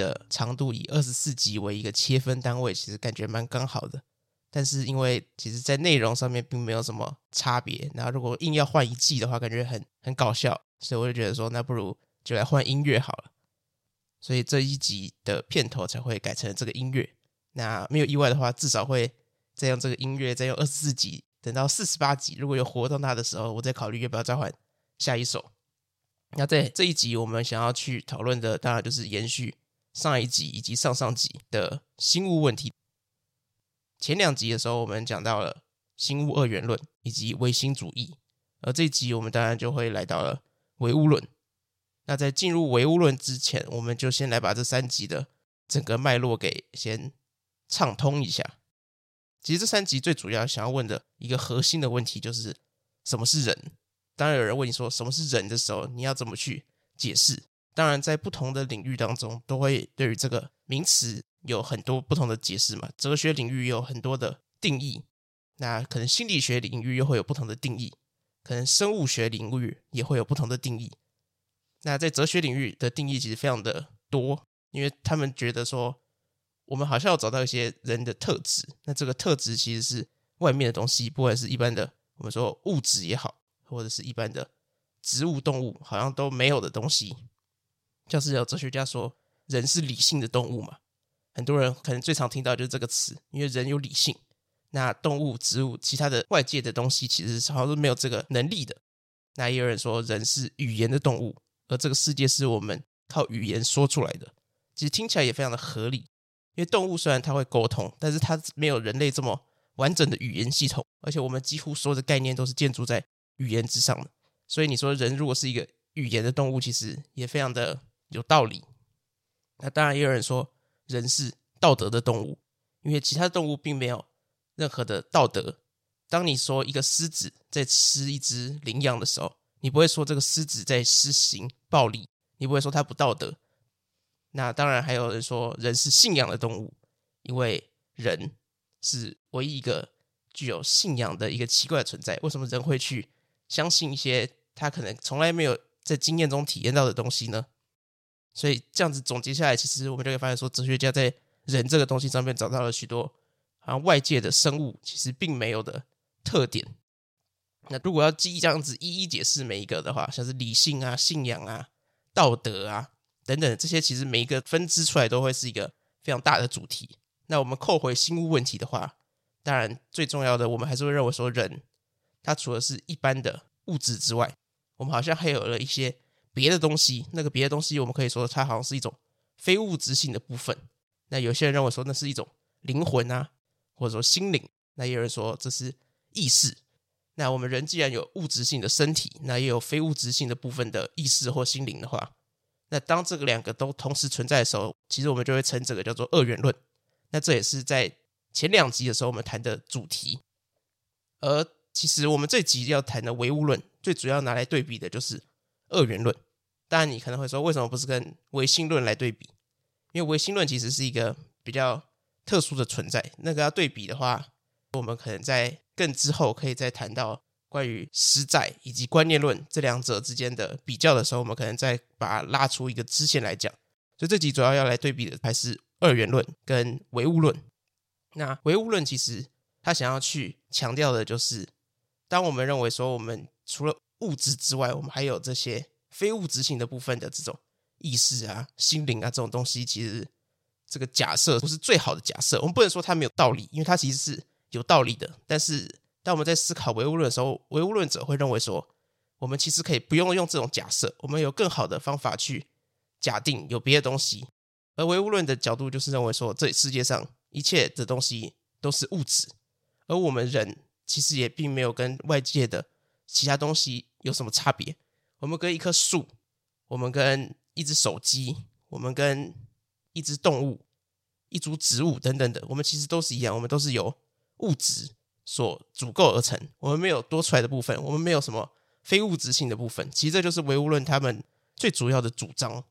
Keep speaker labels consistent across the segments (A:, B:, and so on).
A: 的長度以二十四集為一個切分單位，其實感覺蠻剛好的。但是因為其實在內容上面並沒有什麼差別，然後如果硬要換一季的話，感覺很很搞笑，所以我就覺得說，那不如就來換音樂好了。所以這一集的片頭才會改成這個音樂。那沒有意外的話，至少會再用這個音樂，再用二十四集，等到四十八集。如果有活動它的時候，我再考慮要不要再換下一首。那在這一集我們想要去討論的，當然就是延續，上一集以及上上集的心物問題。前兩集的時候，我們講到了心物二元論以及唯心主義，而這一集我們當然就會來到了唯物論。那在進入唯物論之前，我們就先來把這三集的整個脈絡給先暢通一下。其實這三集最主要想要問的一個核心的問題就是什麼是人？當然，有人問你說什麼是人的時候，你要怎麼去解釋？當然，在不同的領域當中，都會對於這個名詞有很多不同的解釋嘛。哲學領域也有很多的定義，那可能心理學領域又會有不同的定義，可能生物學領域也會有不同的定義。那在哲學領域的定義其實非常的多，因為他們覺得說，我們好像要找到一些人的特質，那這個特質其實是外面的東西，不管是一般的我們說物質也好，或者是一般的植物、動物，好像都沒有的東西。就是有哲學家說，人是理性的動物嘛？很多人可能最常聽到的就是這個詞，因為人有理性。那動物、植物、其他的外界的東西，其實是好像都沒有這個能力的。那也有人說，人是語言的動物，而這個世界是我們靠語言說出來的。其實聽起來也非常的合理，因為動物雖然它會溝通，但是它沒有人類這麼完整的語言系統，而且我們幾乎所有的概念都是建築在語言之上的。所以你說，人如果是一個語言的動物，其實也非常的。有道理，那當然也有人說，人是道德的動物，因為其他動物並沒有任何的道德。當你說一個獅子在吃一隻羚羊的時候，你不會說這個獅子在施行暴力，你不會說它不道德。那當然還有人說，人是信仰的動物，因為人是唯一一個具有信仰的一個奇怪的存在。為什麼人會去相信一些他可能從來沒有在經驗中體驗到的東西呢？所以這樣子總結下來，其實我們就可以發現說，哲學家在人這個東西上面找到了許多好像外界的生物其實並沒有的特點。那如果要記憶這樣子一一解釋每一個的話，像是理性啊、信仰啊、道德啊等等，這些其實每一個分支出來都會是一個非常大的主題。那我們扣回心物問題的話，當然最重要的，我們還是會認為說，人他除了是一般的物質之外，我們好像還有了一些。別的東西，那個別的東西，我們可以說它好像是一種非物質性的部分。那有些人認為說那是一種靈魂啊，或者說心靈。那也有人說這是意識。那我們人既然有物質性的身體，那也有非物質性的部分的意識或心靈的話，那當這個兩個都同時存在的時候，其實我們就會稱這個叫做二元論。那這也是在前兩集的時候我們談的主題。而其實我們這集要談的唯物論，最主要拿來對比的就是。二元論，當然你可能會說，為什麼不是跟唯心論來對比？因為唯心論其實是一個比較特殊的存在。那個要對比的話，我們可能在更之後可以再談到關於實在以及觀念論這兩者之間的比較的時候，我們可能再把它拉出一個支線來講。所以這集主要要來對比的還是二元論跟唯物論。那唯物論其實它想要去強調的就是，當我們認為說我們除了物質之外，我們還有這些非物質性的部分的這種意識啊、心靈啊這種東西。其實這個假設不是最好的假設，我們不能說它沒有道理，因為它其實是有道理的。但是，當我們在思考唯物論的時候，唯物論者會認為說，我們其實可以不用用這種假設，我們有更好的方法去假定有別的東西。而唯物論的角度就是認為說，這世界上一切的東西都是物質，而我們人其實也並沒有跟外界的其他東西。有什麼差別？我們跟一棵樹，我們跟一只手機，我們跟一只動物，一株植物等等等，我們其實都是一樣，我們都是由物質所組構而成。我們沒有多出來的部分，我們沒有什麼非物質性的部分。其實這就是唯物論他們最主要的主張。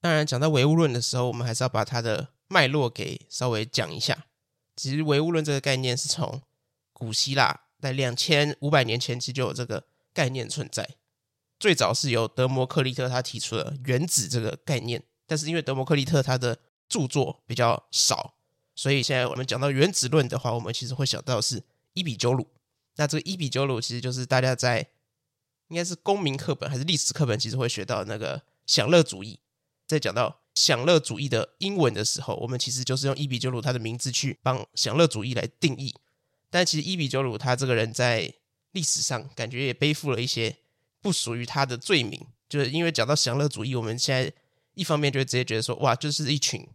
A: 當然，講到唯物論的時候，我們還是要把它的脈絡給稍微講一下。其實唯物論這個概念是從古希臘在兩千五百年前期就有這個。概念存在，最早是由德謨克利特他提出了原子這個概念。但是因為德謨克利特他的著作比較少，所以現在我們講到原子論的話，我們其實會想到是伊比鳩魯。那這個伊比鳩魯其實就是大家在應該是公民課本還是歷史課本，其實會學到那個享樂主義。在講到享樂主義的英文的時候，我們其實就是用伊比鳩魯他的名字去幫享樂主義來定義。但其實伊比鳩魯他這個人在歷史上感覺也背負了一些不屬於他的罪名，就是因為講到享樂主義，我們現在一方面就會直接覺得說，哇，就是一群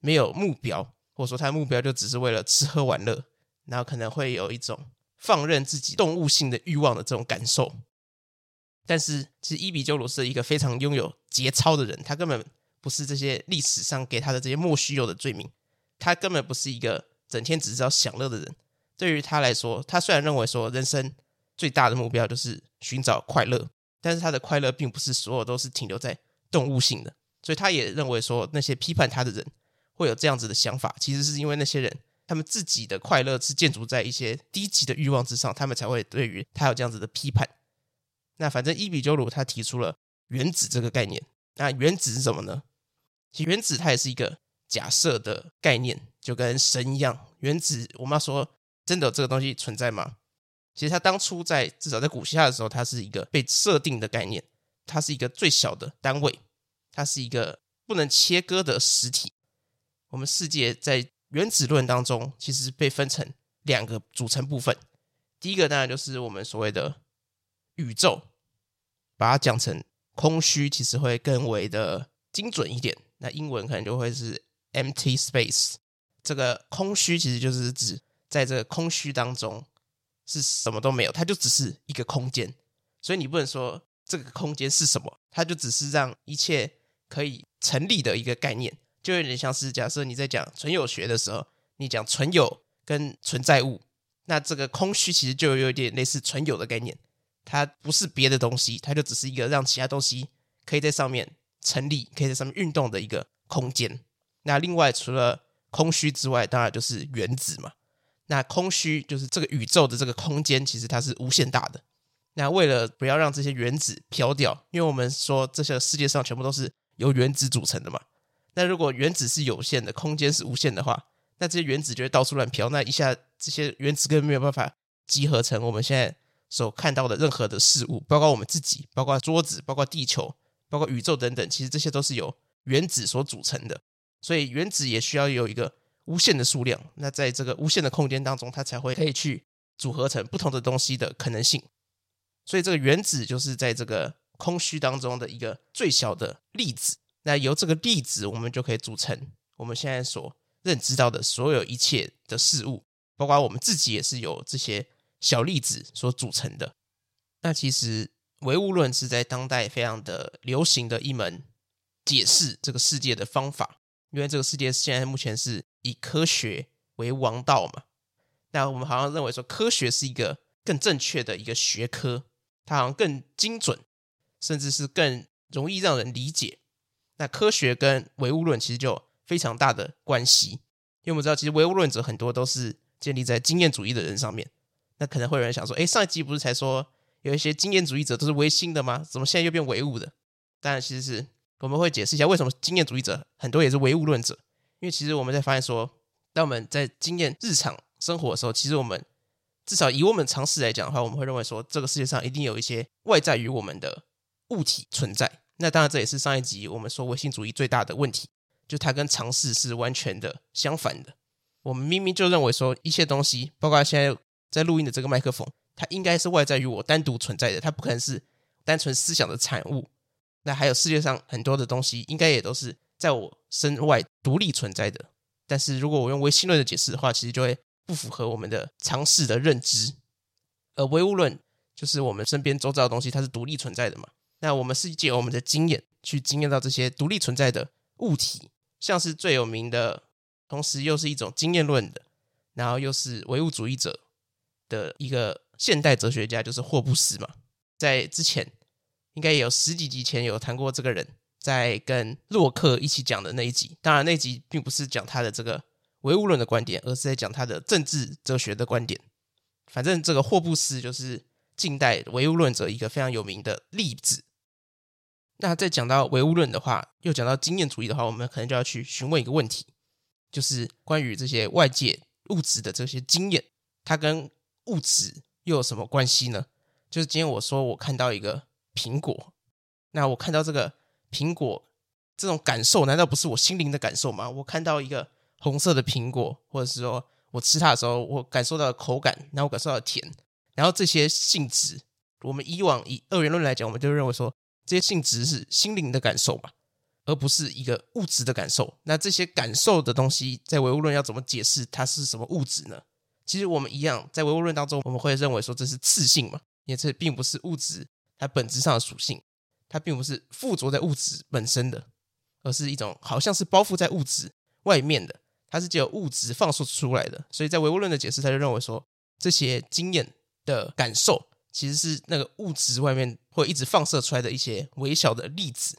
A: 沒有目標，或者說他的目標就只是為了吃喝玩樂，然後可能會有一種放任自己動物性的欲望的這種感受。但是，其實伊比鳩魯是一個非常擁有節操的人，他根本不是這些歷史上給他的這些莫須有的罪名，他根本不是一個整天只知道享樂的人。對於他來說，他雖然認為說人生。最大的目標就是尋找快樂，但是他的快樂並不是所有都是停留在動物性的，所以他也認為說那些批判他的人會有這樣子的想法，其實是因為那些人他們自己的快樂是建築在一些低級的欲望之上，他們才會對於他有這樣子的批判。那反正伊比鳩魯他提出了原子這個概念，那原子是什麼呢？其實原子它也是一個假設的概念，就跟神一樣。原子，我們要說真的有這個東西存在嗎？其實它當初在至少在古希臘的時候，它是一個被設定的概念，它是一個最小的單位，它是一個不能切割的實體。我們世界在原子論當中其實被分成兩個組成部分，第一個當然就是我們所謂的宇宙，把它講成空虛，其實會更為的精準一點。那英文可能就會是 empty space，這個空虛其實就是指在這個空虛當中。是什麼都沒有，它就只是一個空間，所以你不能說這個空間是什麼，它就只是讓一切可以成立的一個概念，就有點像是假設你在講存有學的時候，你講存有跟存在物，那這個空虛其實就有一點類似存有的概念，它不是別的東西，它就只是一個讓其他東西可以在上面成立、可以在上面運動的一個空間。那另外除了空虛之外，當然就是原子嘛。那空虛就是這個宇宙的這個空間，其實它是無限大的。那為了不要讓這些原子飄掉，因為我們說這些世界上全部都是由原子組成的嘛。那如果原子是有限的，空間是無限的話，那這些原子就會到處亂飄。那一下這些原子根本沒有辦法集合成我們現在所看到的任何的事物，包括我們自己，包括桌子，包括地球，包括宇宙等等。其實這些都是由原子所組成的，所以原子也需要有一個無限的數量，那在這個無限的空間當中，它才會可以去組合成不同的東西的可能性。所以，這個原子就是在這個空虛當中的一個最小的粒子。那由這個粒子，我們就可以組成我們現在所認知到的所有一切的事物，包括我們自己也是由這些小粒子所組成的。那其實，唯物論是在當代非常的流行的一門解釋這個世界的方法，因為這個世界現在目前是。以科學為王道嘛，那我們好像認為說科學是一個更正確的一個學科，它好像更精準，甚至是更容易讓人理解。那科學跟唯物論其實就非常大的關係，因為我們知道，其實唯物論者很多都是建立在經驗主義的人上面。那可能會有人想說，哎，上一集不是才說有一些經驗主義者都是唯心的嗎？怎麼現在又變唯物的？當然，其實是我們會解釋一下為什麼經驗主義者很多也是唯物論者。因為其實我們在發現說，當我們在經驗日常生活的時候，其實我們至少以我們常識來講的話，我們會認為說，這個世界上一定有一些外在於我們的物體存在。那當然，這也是上一集我們說唯心主義最大的問題，就它跟常識是完全的相反的。我們明明就認為說，一些東西，包括現在在錄音的這個麥克風，它應該是外在於我單獨存在的，它不可能是單純思想的產物。那還有世界上很多的東西，應該也都是。在我身外獨立存在的，但是如果我用唯心論的解釋的話，其實就會不符合我們的常識的認知。而唯物論就是我們身邊周遭的東西，它是獨立存在的嘛。那我們是借我們的經驗去經驗到這些獨立存在的物體，像是最有名的，同時又是一種經驗論的，然後又是唯物主義者的一個現代哲學家，就是霍布斯嘛。在之前應該有十幾集前有談過這個人。在跟洛克一起講的那一集，當然那一集並不是講他的這個唯物論的觀點，而是在講他的政治哲學的觀點。反正這個霍布斯就是近代唯物論者一個非常有名的例子。那再講到唯物論的話，又講到經驗主義的話，我們可能就要去詢問一個問題，就是關於這些外界物質的這些經驗，它跟物質又有什麼關係呢？就是今天我說我看到一個蘋果，那我看到這個。蘋果這種感受難道不是我心靈的感受嗎？我看到一個紅色的蘋果，或者是說我吃它的時候，我感受到口感，然後我感受到甜，然後這些性質，我們以往以二元論來講，我們就認為說這些性質是心靈的感受嘛，而不是一個物質的感受。那這些感受的東西，在唯物論要怎麼解釋它是什麼物質呢？其實我們一樣，在唯物論當中，我們會認為說這是次性嘛，因為這並不是物質它本質上的屬性。它並不是附着在物質本身的，而是一種好像是包覆在物質外面的。它是借由物質放射出來的，所以在唯物論的解釋，他就認為說，這些經驗的感受其實是那個物質外面會一直放射出來的一些微小的粒子，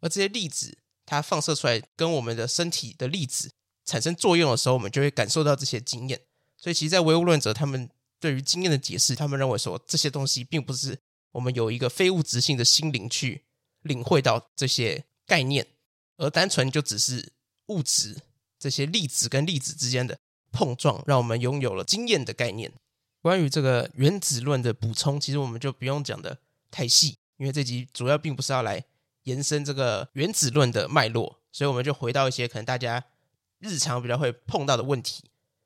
A: 而這些粒子它放射出來跟我們的身體的粒子產生作用的時候，我們就會感受到這些經驗。所以，其實在，在唯物論者他們對於經驗的解釋，他們認為說這些東西並不是。我們有一個非物質性的心靈去領會到這些概念，而單純就只是物質這些粒子跟粒子之間的碰撞，讓我們擁有了經驗的概念。關於這個原子論的補充，其實我們就不用講的太細，因為這集主要並不是要來延伸這個原子論的脈絡，所以我們就回到一些可能大家日常比較會碰到的問題，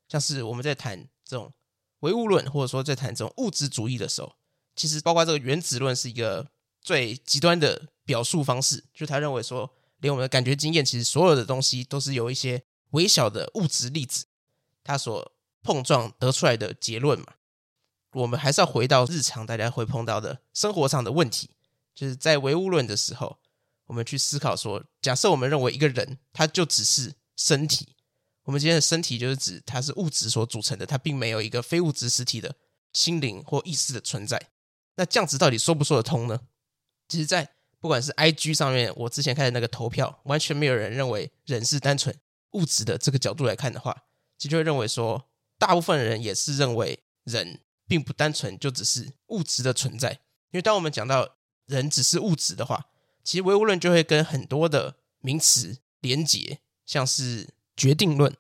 A: 像是我們在談這種唯物論，或者說在談這種物質主義的時候。其實，包括這個原子論是一個最極端的表述方式，就他認為說，連我們的感覺經驗，其實所有的東西都是由一些微小的物質粒子，它所碰撞得出來的結論嘛。我們還是要回到日常大家會碰到的生活上的問題，就是在唯物論的時候，我們去思考說，假設我們認為一個人他就只是身體，我們今天的身體就是指它是物質所組成的，它並沒有一個非物質實體的心靈或意識的存在。那這樣子到底說不說得通呢？其實，在不管是 IG 上面，我之前看的那個投票，完全沒有人認為人是單純物質的這個角度來看的話，其實就會認為說，大部分的人也是認為人並不單純就只是物質的存在。因為當我們講到人只是物質的話，其實唯物論就會跟很多的名詞連結，像是決定論。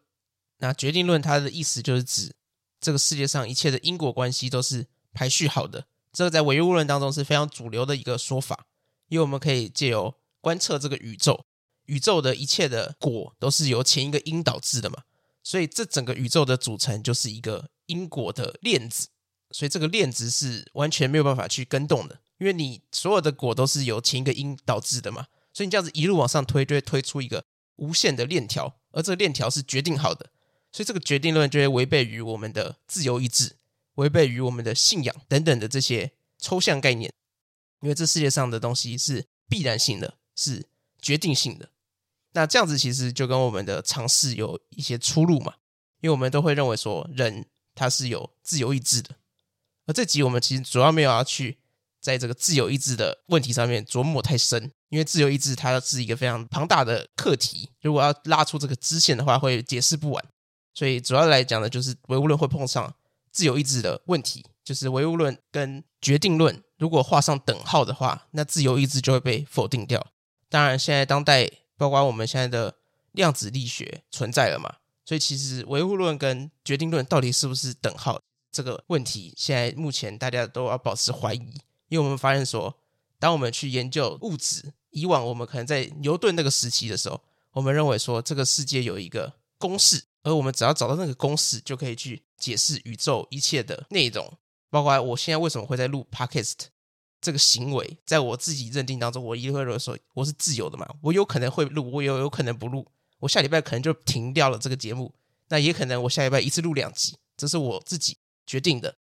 A: 那決定論它的意思就是指這個世界上一切的因果關係都是排序好的。這個在唯物論當中是非常主流的一個說法，因為我們可以借由觀測這個宇宙，宇宙的一切的果都是由前一個因導致的嘛，所以這整個宇宙的組成就是一個因果的鏈子，所以這個鏈子是完全沒有辦法去更動的，因為你所有的果都是由前一個因導致的嘛，所以你這樣子一路往上推，就會推出一個無限的鏈條，而這個鏈條是決定好的，所以這個決定論就會違背於我們的自由意志。違背於我們的信仰等等的這些抽象概念，因為這世界上的東西是必然性的，是決定性的。那這樣子其實就跟我們的嘗試有一些出入嘛，因為我們都會認為說人他是有自由意志的。而這集我們其實主要沒有要去在這個自由意志的問題上面琢磨太深，因為自由意志它是一個非常龐大的課題，如果要拉出這個支線的話會解釋不完。所以主要來講的就是唯物論會碰上。自由意志的問題，就是唯物論跟決定論如果畫上等號的話，那自由意志就會被否定掉。當然，現在當代包括我們現在的量子力學存在了嘛，所以其實唯物論跟決定論到底是不是等號這個問題，現在目前大家都要保持懷疑，因為我們發現說，當我們去研究物質，以往我們可能在牛頓那個時期的時候，我們認為說這個世界有一個公式，而我們只要找到那個公式就可以去。解釋宇宙一切的內容，包括我現在為什麼會在錄 podcast 這個行為，在我自己認定當中，我一定會認為說我是自由的嘛，我有可能會錄，我也有，有可能不錄，我下禮拜可能就停掉了這個節目，那也可能我下禮拜一次錄兩集，這是我自己決定的。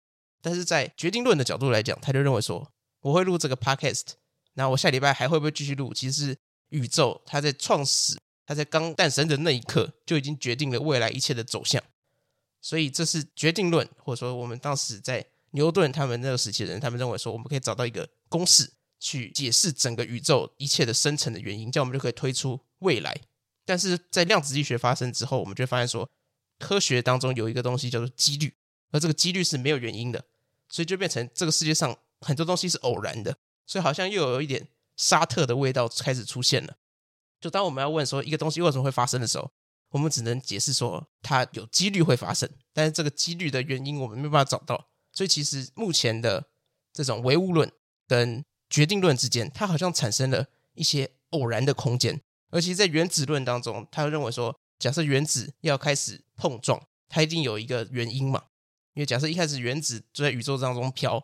A: 但是在決定論的角度來講，他就認為說我會錄這個 podcast，那我下禮拜還會不會繼續錄？其實宇宙它在創始，它在剛誕生的那一刻就已經決定了未來一切的走向。所以這是決定論，或者說我們當時在牛頓他們那個時期的人，他們認為說我們可以找到一個公式去解釋整個宇宙一切的生成的原因，這樣我們就可以推出未來。但是在量子力學發生之後，我們就發現說科學當中有一個東西叫做幾率，而這個幾率是沒有原因的，所以就變成這個世界上很多東西是偶然的，所以好像又有一點沙特的味道開始出現了。就當我們要問說一個東西為什麼會發生的時候。我們只能解釋說它有幾率會發生，但是這個幾率的原因我們沒辦法找到。所以其實目前的這種唯物論跟決定論之間，它好像產生了一些偶然的空間。而且在原子論當中，他認為說，假設原子要開始碰撞，它一定有一個原因嘛。因為假設一開始原子就在宇宙當中飄，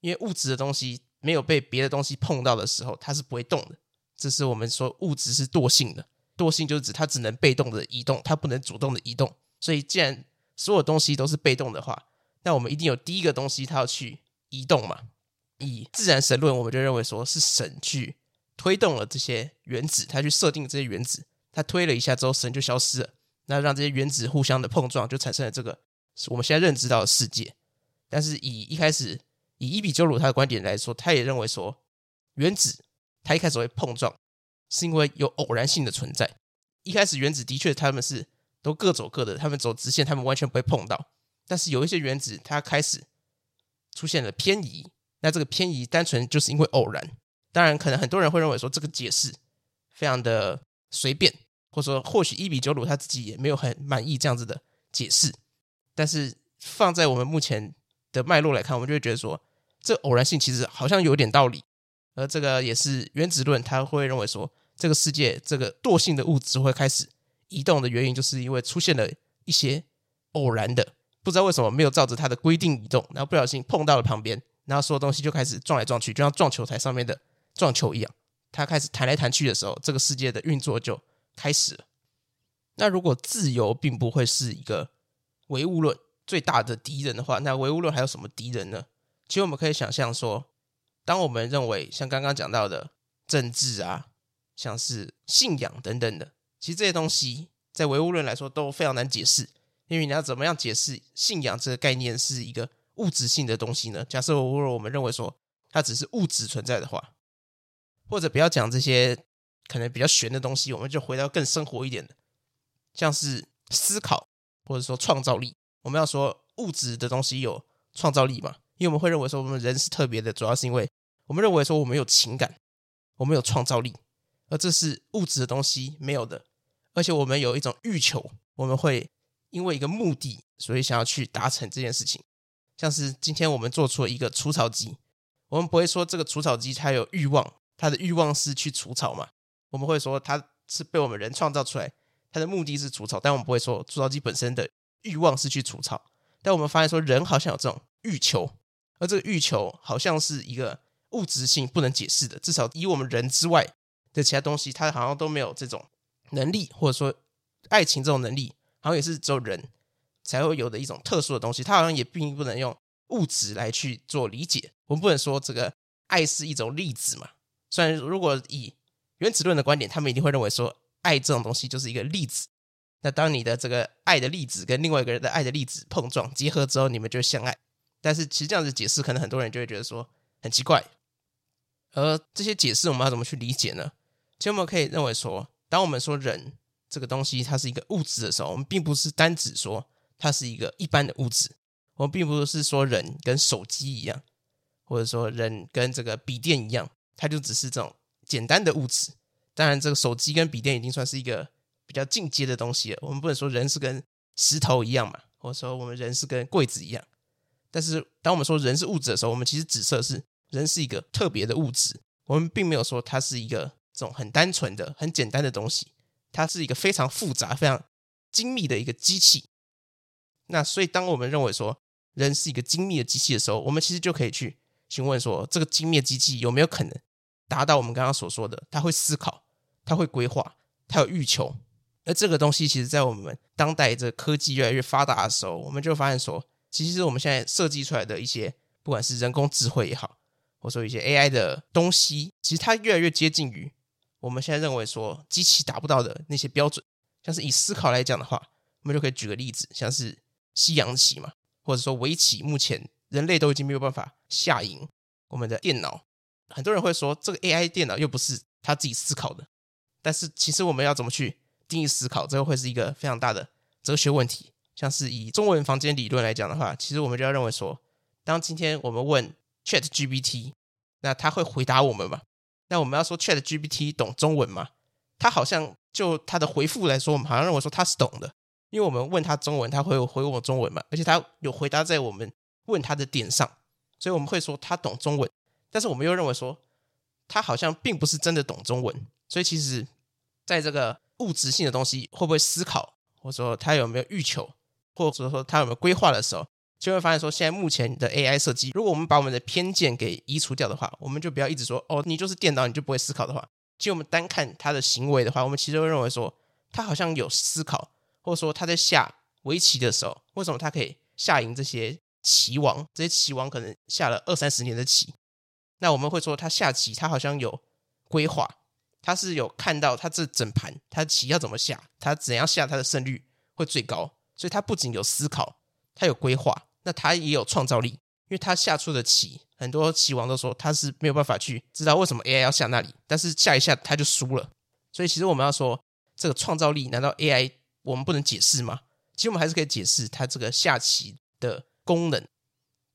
A: 因為物質的東西沒有被別的東西碰到的時候，它是不會動的。這是我們說物質是惰性的。惰性就是指它只能被動的移動，它不能主動的移動。所以，既然所有東西都是被動的話，那我們一定有第一個東西它要去移動嘛。以自然神論，我們就認為說是神去推動了這些原子，它去設定這些原子，它推了一下之後，神就消失了，那讓這些原子互相的碰撞，就產生了這個我們現在認知到的世界。但是，以一開始，以伊比鳩魯他的觀點來說，他也認為說原子它一開始會碰撞。是因為有偶然性的存在。一開始原子的確，他們是都各走各的，他們走直線，他們完全不會碰到。但是有一些原子，它開始出現了偏移。那這個偏移單純就是因為偶然。當然，可能很多人會認為說這個解釋非常的隨便，或者說或許伊比鳩魯他自己也沒有很滿意這樣子的解釋。但是放在我們目前的脈絡來看，我們就會覺得說，這偶然性其實好像有點道理。而這個也是原子論，他會認為說，這個世界這個惰性的物質會開始移動的原因，就是因為出現了一些偶然的，不知道為什麼沒有照着它的規定移動，然後不小心碰到了旁邊，然後所有東西就開始撞來撞去，就像撞球台上面的撞球一樣，它開始彈來彈去的時候，這個世界的運作就開始了。那如果自由並不會是一個唯物論最大的敵人的話，那唯物論還有什麼敵人呢？其實我們可以想象說。當我們認為像剛剛講到的政治啊，像是信仰等等的，其實這些東西在唯物論來說都非常難解釋，因為你要怎麼樣解釋信仰這個概念是一個物質性的東西呢？假設我如果我們認為說它只是物質存在的話，或者不要講這些可能比較玄的東西，我們就回到更生活一點的，像是思考或者說創造力，我們要說物質的東西有創造力嘛？因為我們會認為說我們人是特別的，主要是因為。我們認為說我們有情感，我們有創造力，而這是物質的東西沒有的。而且我們有一種欲求，我們會因為一個目的，所以想要去達成這件事情。像是今天我們做出了一個除草機，我們不會說這個除草機它有欲望，它的欲望是去除草嘛，我們會說它是被我們人創造出來，它的目的是除草，但我們不會說除草機本身的欲望是去除草。但我們發現說人好像有這種欲求，而這個欲求好像是一個。物質性不能解釋的，至少以我們人之外的其他東西，它好像都沒有這種能力，或者說愛情這種能力，好像也是只有人才會有的一種特殊的東西。它好像也並不能用物質來去做理解。我們不能說這個愛是一種粒子嘛？雖然如果以原子論的觀點，他們一定會認為說愛這種東西就是一個粒子。那當你的這個愛的粒子跟另外一個人的愛的粒子碰撞結合之後，你們就相愛。但是其實這樣子解釋，可能很多人就會覺得說很奇怪。而這些解釋我們要怎麼去理解呢？其實我們可以認為說，當我們說人這個東西它是一個物質的時候，我們並不是單指說它是一個一般的物質。我們並不是說人跟手機一樣，或者說人跟這個筆電一樣，它就只是這種簡單的物質。當然，這個手機跟筆電已經算是一個比較進階的東西了。我們不能說人是跟石頭一樣嘛，或者說我們人是跟櫃子一樣。但是，當我們說人是物質的時候，我們其實指的是。人是一個特別的物質，我們並沒有說它是一個這種很單純的、很簡單的東西，它是一個非常複雜、非常精密的一個機器。那所以，當我們認為說人是一個精密的機器的時候，我們其實就可以去詢問說，這個精密的機器有沒有可能達到我們剛剛所說的，他會思考，他會規劃，他有欲求。那這個東西，其實在我們當代這科技越來越發達的時候，我們就發現說，其實我們現在設計出來的一些，不管是人工智慧也好，或者說一些 AI 的東西，其實它越來越接近於我們現在認為說機器達不到的那些標準。像是以思考來講的話，我們就可以舉個例子，像是西洋棋嘛，或者說圍棋，目前人類都已經沒有辦法下贏我們的電腦。很多人會說，這個 AI 電腦又不是他自己思考的，但是其實我們要怎麼去定義思考，這個會是一個非常大的哲學問題。像是以中文房間理論來講的話，其實我們就要認為說，當今天我們問。Chat GPT，那他會回答我們嗎？那我們要說 Chat GPT 懂中文嗎？他好像就他的回復來說，我們好像認為說他是懂的，因為我們問他中文，他會回問我中文嘛，而且他有回答在我們問他的點上，所以我們會說他懂中文。但是我們又認為說他好像並不是真的懂中文，所以其實在這個物質性的東西會不會思考，或者說他有沒有欲求，或者說他有沒有規劃的時候。就會發現說，現在目前的 AI 設計，如果我們把我們的偏見給移除掉的話，我們就不要一直說哦，你就是電腦，你就不會思考的話。其實我們單看他的行為的話，我們其實會認為說，他好像有思考，或者說他在下圍棋的時候，為什麼他可以下贏這些棋王？這些棋王可能下了二三十年的棋，那我們會說，他下棋他好像有規劃，他是有看到他這整盤他棋要怎麼下，他怎樣下他的勝率會最高，所以他不僅有思考，他有規劃。那他也有創造力，因為他下出的棋，很多棋王都說他是沒有辦法去知道為什麼 AI 要下那裡，但是下一下他就輸了。所以其實我們要說，這個創造力難道 AI 我們不能解釋嗎？其實我們還是可以解釋它這個下棋的功能，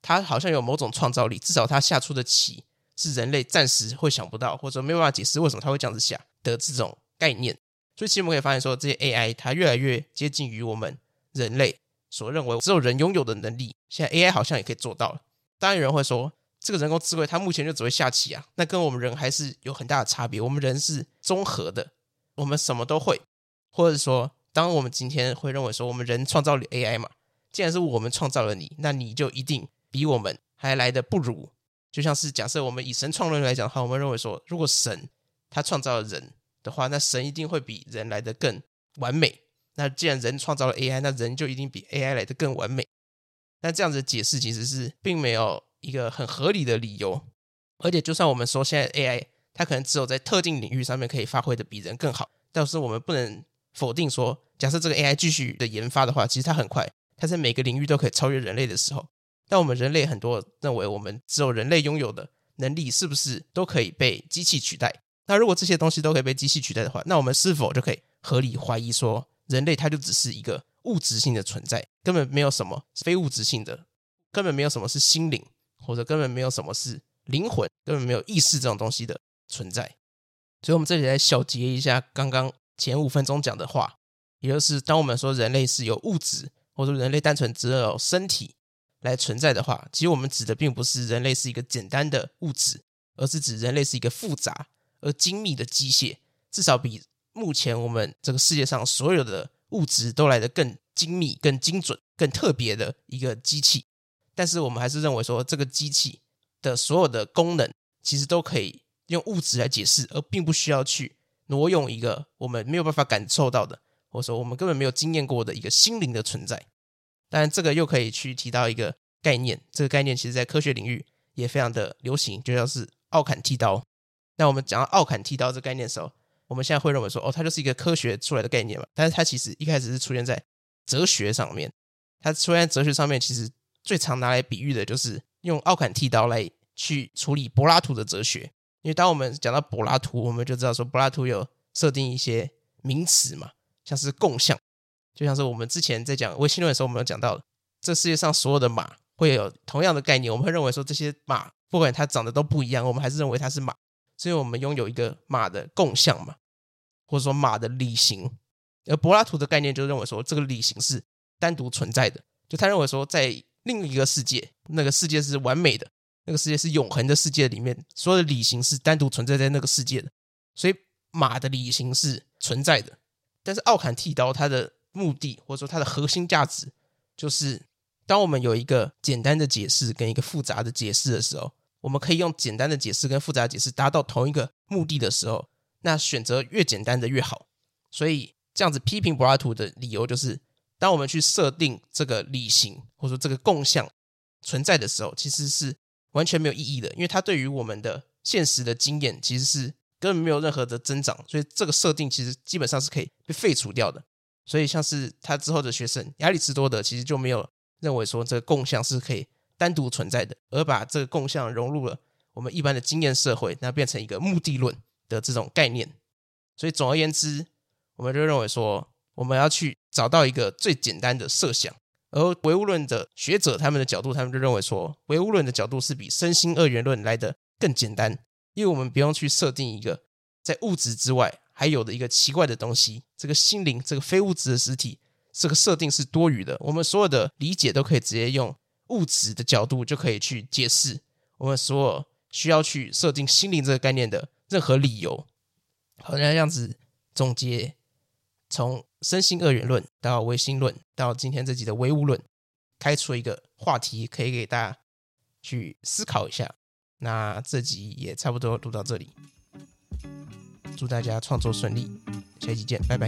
A: 它好像有某種創造力，至少他下出的棋是人類暫時會想不到，或者沒有辦法解釋為什麼他會這樣子下的這種概念。所以其實我們可以發現說，這些 AI 它越來越接近於我們人類。所認為只有人擁有的能力，現在 AI 好像也可以做到了。當然有人會說，這個人工智慧它目前就只會下棋啊，那跟我們人還是有很大的差別。我們人是綜合的，我們什麼都會。或者說，當我們今天會認為說，我們人創造了 AI 嘛，既然是我們創造了你，那你就一定比我們還來得不如。就像是假設我們以神創論來講的話，我們認為說，如果神他創造了人的話，那神一定會比人來得更完美。那既然人創造了 AI，那人就一定比 AI 來得更完美。那這樣子的解釋其實是並沒有一個很合理的理由。而且，就算我們說現在 AI 它可能只有在特定領域上面可以發揮的比人更好，但是我們不能否定說，假設這個 AI 繼續的研發的話，其實它很快，它在每個領域都可以超越人類的時候，但我們人類很多認為我們只有人類擁有的能力，是不是都可以被機器取代？那如果這些東西都可以被機器取代的話，那我們是否就可以合理懷疑說？人類它就只是一個物質性的存在，根本沒有什麼非物質性的，根本沒有什麼是心靈，或者根本沒有什麼是靈魂，根本沒有意識這種東西的存在。所以，我們這裡來小結一下剛剛前五分鐘講的話，也就是當我們說人類是由物質，或者人類單純只有身體來存在的話，其實我們指的並不是人類是一個簡單的物質，而是指人類是一個複雜而精密的機械，至少比。目前我們這個世界上所有的物質都來得更精密、更精準、更特別的一個機器，但是我們還是認為說，這個機器的所有的功能其實都可以用物質來解釋，而並不需要去挪用一個我們沒有辦法感受到的，或者說我們根本沒有經驗過的一個心靈的存在。當然，這個又可以去提到一個概念，這個概念其實在科學領域也非常的流行，就像是奧坎剃刀。那我們講到奧坎剃刀這個概念的時候。我們現在會認為說，哦，它就是一個科學出來的概念嘛。但是它其實一開始是出現在哲學上面，它出現在哲學上面，其實最常拿來比喻的就是用奧坎剃刀來去處理柏拉圖的哲學。因為當我們講到柏拉圖，我們就知道說柏拉圖有設定一些名詞嘛，像是共相，就像是我們之前在講唯心論的時候，我們有講到，這世界上所有的馬會有同樣的概念，我們會認為說這些馬不管它長得都不一樣，我們還是認為它是馬，所以我們擁有一個馬的共相嘛。或者說馬的理型，而柏拉圖的概念就認為說，這個理型是單獨存在的。就他認為說，在另一個世界，那個世界是完美的，那個世界是永恆的世界裡面，所有的理型是單獨存在在那個世界的。所以馬的理型是存在的。但是奧坎剃刀它的目的或者說它的核心價值，就是當我們有一個簡單的解釋跟一個複雜的解釋的時候，我們可以用簡單的解釋跟複雜的解釋達到同一個目的的時候，那選擇越簡單的越好，所以這樣子批評柏拉圖的理由就是：當我們去設定這個理型或者說這個共相存在的時候，其實是完全沒有意義的，因為它對於我們的現實的經驗其實是根本沒有任何的增長，所以這個設定其實基本上是可以被廢除掉的。所以像是他之後的學生亞里士多德，其實就沒有認為說這個共相是可以單獨存在的，而把這個共相融入了我們一般的經驗社會，那變成一個目的論的這種概念，所以總而言之，我們就認為說，我們要去找到一個最簡單的設想。而唯物論的學者他們的角度，他們就認為說，唯物論的角度是比身心二元論來的更簡單，因為我們不用去設定一個在物質之外還有的一個奇怪的東西，這個心靈，這個非物質的實體，這個設定是多餘的。我們所有的理解都可以直接用物質的角度就可以去解釋，我們所有需要去設定心靈這個概念的任何理由，好，那這樣子總結，從身心二元論到唯心論，到今天這集的唯物論，開出一個話題，可以給大家去思考一下。那這集也差不多錄到這裡，祝大家創作順利，下期見，拜拜。